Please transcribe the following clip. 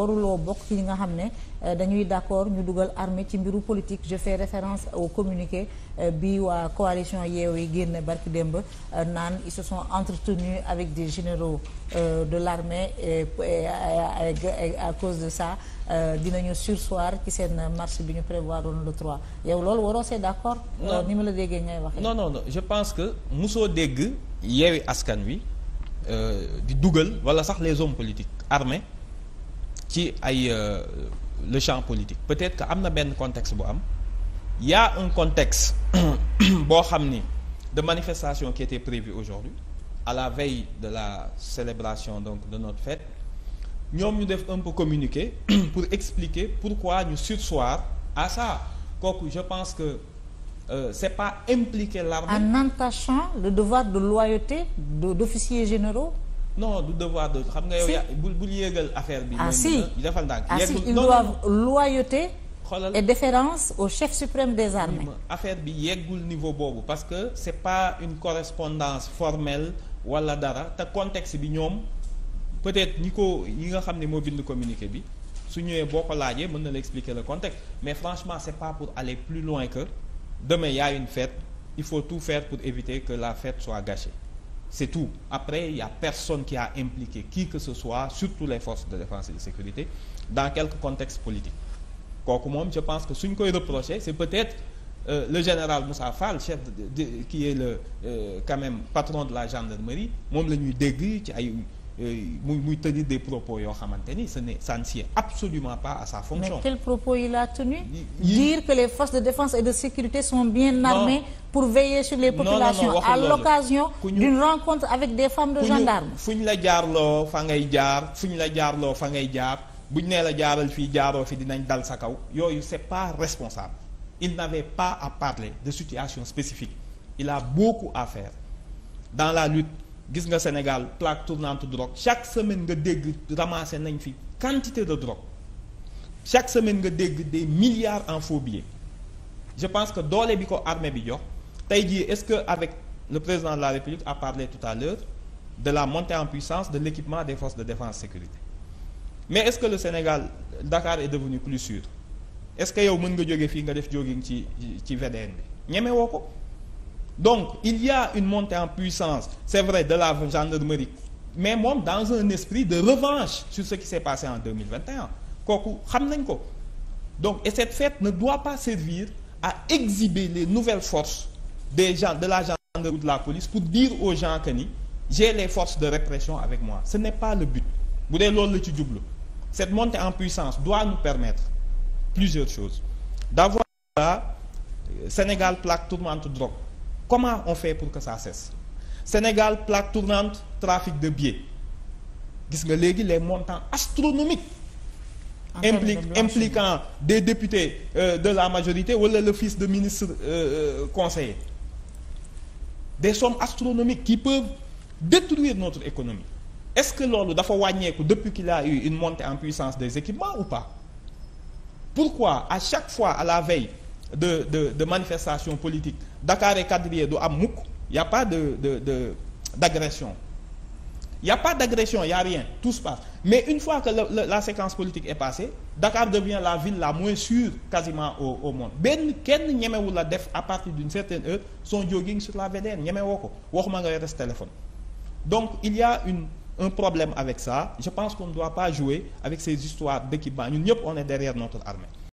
waruloo bokk ci ñi nga xam ne euh, dañuy d'accord ñu dugal armée ci mbiru politique je fais référence au communiqué euh, bi waa coalition yi génn barki démb euh, naan ils se sont avec des généraux de l'armée et à cause de ça dinañu sursoir ci seen marche bi ñu prévoir woon le 3 yow loolu waroo see d'accord ni ma la déggee ngay waxee non non non je pense que musoo dégg Yewwi Askan Wi di dugal wala sax les hommes politiques armés ci ay euh, le champ politique peut-être que am na benn contexte bu am y a un contexte boo xam ni de manifestation qui était prévue aujourd'hui à la veille de la célébration donc de notre fête ñoom ñu def un peu communiqué pour expliquer pourquoi ñu surseoir à ça kooku je pense que euh, c'est pas impliquer l'armée en entachant le devoir de loyauté d'officiers généraux non du devoir de xam nga yow yaa bul bul yéegal affaire bi. ah si defal ndànk ah, yeegul ils doivent loyauté. xoolal et déférence au chef suprême des armées. affaire bi yeggul niveau boobu parce que c'est pas une correspondance formelle wala dara te contexte bi ñoom peut-être ñi ko ñi nga xam ni moo bind communiqué bi su ñëwee boo ko laajee mën na la expliquer le contexte mais franchement c'est pas pour aller plus loin que demain y a une fête il faut tout faire pour éviter que la fête soit c'est tout après il y a personne qui a impliqué qui que ce soit surtout les forces de défense et de sécurité dans quelque contexte politique kooku moom je pense que suñ koy reprocher c'est peut-être euh, le général Moussa Fall chef de, de, qui est le euh, quand même patron de la gendarmerie moom la ñuy dégg ci ay muy muy tenir des propos yoo xamante ni ce n'est ça ne sied absolument pas à sa fonction. mais quels propos il a tenu. dire que les forces de défense et de sécurité sont bien armées. pour veiller sur les populations à l'occasion d'une rencontre avec des femmes de gendarmes. fu ñu la jaarloo fa ngay jaar fu ñu la jaarloo fa ngay jaar bu ñu nee la jaaral fii jaaroo fi dinañ dal sa kaw yooyu c'est pas responsable. il n'avait pas à parler de situation spécifique il a beaucoup dans la gis nga Sénégal plaque tournante drogue chaque semaine nga dégg ramassé nañ fi quantité de drogue chaque semaine nga dégg des milliards en faux je pense que doole bi ko armée bi jox tey jii est-ce que avec le président de la République a parlé tout à l'heure de la montée en puissance de l'équipement des forces de défense sécurité mais est-ce que le Sénégal Dakar est devenu plus sûr est-ce que yow mën nga jóge fii nga def jogging ci ci VDN bi ñeme woo ko donc il y a une montée en puissance c'est vrai de la gendarmerie mais moom dans un esprit de revanche sur ce qui s'est passé en 2021 kooku xam nañ ko donc et cette fête ne doit pas servir à exhiber les nouvelles forces des gens de la gendarmerie ou de la police pour dire aux gens que ni j'ai les forces de répression avec moi ce n'est pas le but bu dee loolu la ci jublu cette montée en puissance doit nous permettre plusieurs choses d'avoir là euh, Sénégal plaque tourmente drogue comment on fait pour que ça cesse Sénégal plaque tournante trafic de billets gis nga léegi les montants astronomiques impli impliquant des députés euh, de la majorité wala le fils de ministre euh, euh, conseiller des sommes astronomiques qui peuvent détruire notre économie est-ce que loolu dafa wàññeeku depuis qu'il a eu une montée en puissance des équipements ou pas pourquoi à chaque fois à la veille de de de manifestations politiques Dakar est quadrillé du am mukk y' a pas de de de y' a pas d' agression y' a rien tout se passe mais une fois que le, le, la séquence politique est passée Dakar devient la ville la moins sûre quasiment au monde benn kenn ñemewu la def à partir d'une certaine heure son jogging sur la VDN ñemewoo ko waxuma nga res téléphone donc il y a une un problème avec ça je pense qu'on ne doit pas jouer avec ces histoires d'équipement ñun ñëpp on est derrière notre